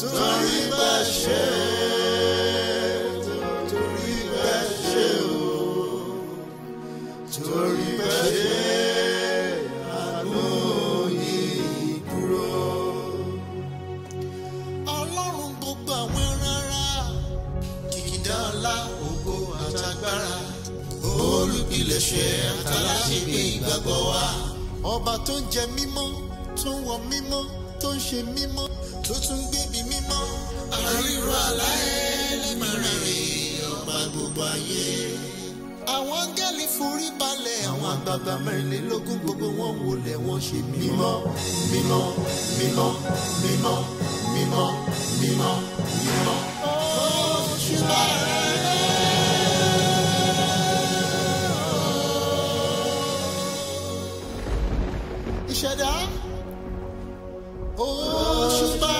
torí bá ṣe torí o torí bá ṣe àgbóyin kúrò. ọlọ́run gbogbo àwọn ẹran ara kìkìdá ọlá ògo àtagbára olùpilẹ̀ṣẹ̀ àtàláṣẹ́gbé ìgbàgbọ́ wa. ọba tó ń jẹ mímọ́ tó ń wọ mímọ́ tó ń ṣe mímọ́ tó tún gbé mi ríro aláyé ní mẹ́rẹ̀ẹ̀rin ọba gbogbo ayé. àwọn áńgẹ́lì forí balẹ̀ àwọn àgbààgbà mẹ́rìnlélógún gbogbo wọn wọlé wọn ṣe mímọ́ mímọ́ mímọ́ mímọ́ mímọ́ mímọ́ mímọ́. oṣù bàrẹ̀. Oh, Oṣùpá.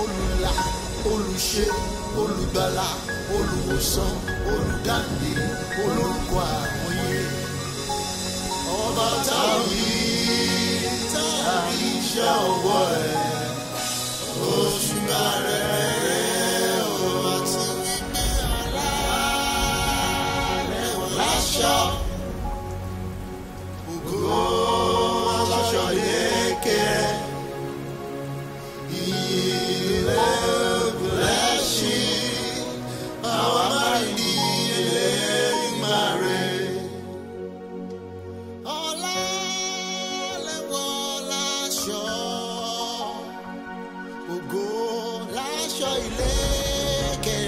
olùlà olùṣe olùgbàlà olùwòsàn olùdáǹdè olórúkọ àmọye ọba táwí táwí iṣẹ́ ọwọ́ ẹ̀. aṣọ ìlẹ̀kẹ̀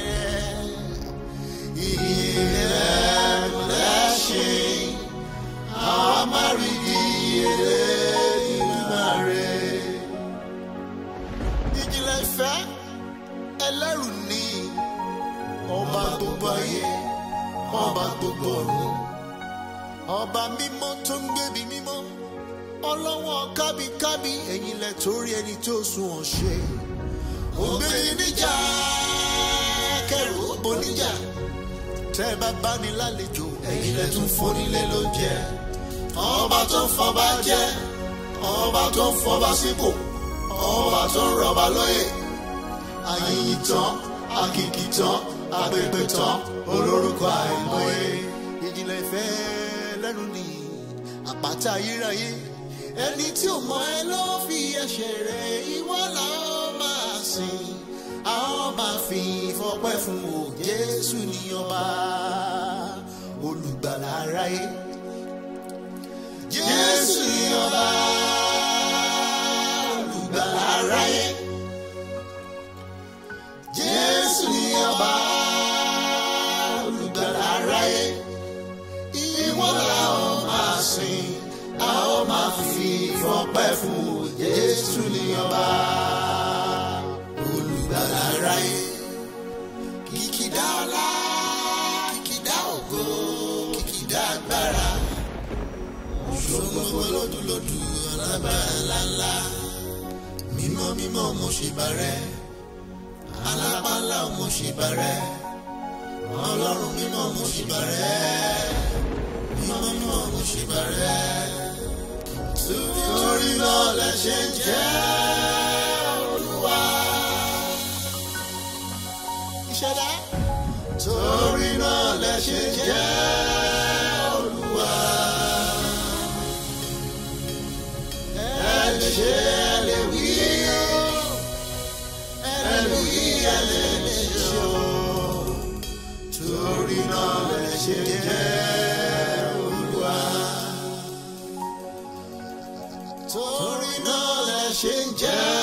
ìlẹ̀kùn lẹ́ṣẹ̀ àwọn amárìdí Elédùmarè rẹ̀. ìjìnlẹ̀ ìfẹ́ ẹlẹ́rù ni ọba gbogbo ayé ọba gbogbo ọ̀run ọba mímọ́ tó ń gbébi mímọ́ ọlọ́wọ́ kábíkábí ẹ̀yìn lẹ̀ torí ẹni tó sunwọ̀n ṣe ògbéni níjà kẹrù boníjà tẹ́ ẹ bá bá ní lálejò ẹ̀yin lẹ tún fónílé ló jẹ ọba tó ń fọba jẹ ọba tó ń fọba sípò ọba tó ń rọba lóyè àyìnyín tán àkìkì tán agbègbè tán olórúkọ àìmọye ìjìnlẹ̀ ìfẹ́ lẹ́nu nìyí àpáta ayérayé ẹni tí ò mọ ẹ ló fi ẹsẹ̀ rẹ̀ ìwọ́lá o sìn a ó máa fi ìfọpẹ́ fún o Jésù ní ọba olùgbàlà aráyé Jésù ní ọba. olówó lọ́dúnlọ́dún alágbára ńláńlá mímọ́ mímọ́ mo ṣe bàrẹ́ alápálá mo ṣe bàrẹ́ ọlọ́run mímọ́ mo ṣe bàrẹ́ mímọ́ mímọ́ mo ṣe bàrẹ́ torí náà lẹ ṣe ń jẹ́ olúwa ìṣẹ̀dá torí náà lẹ ṣe ń jẹ́ ṣe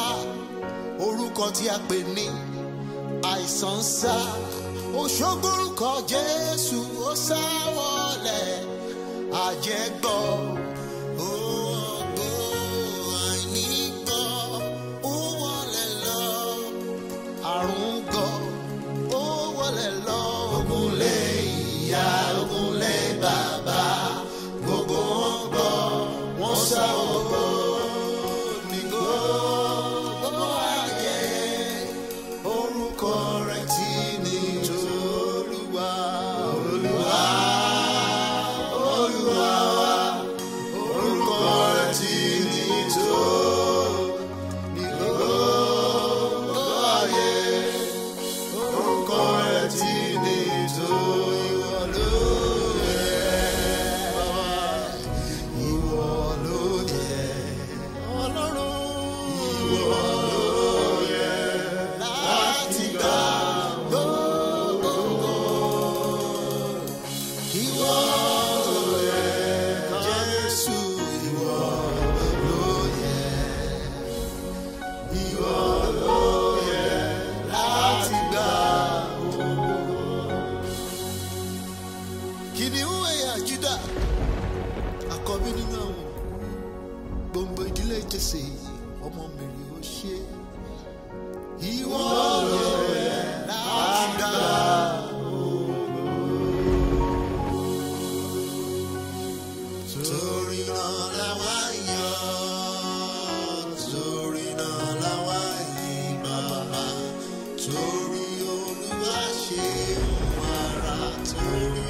sá orúkọ tí a pè ní àìsàn sá òṣogborúkọ Jésù ó sá wọlé àjẹgbọ. Àrùn gọ̀ ó wọlé lọ. Ogun lè yá. You. you.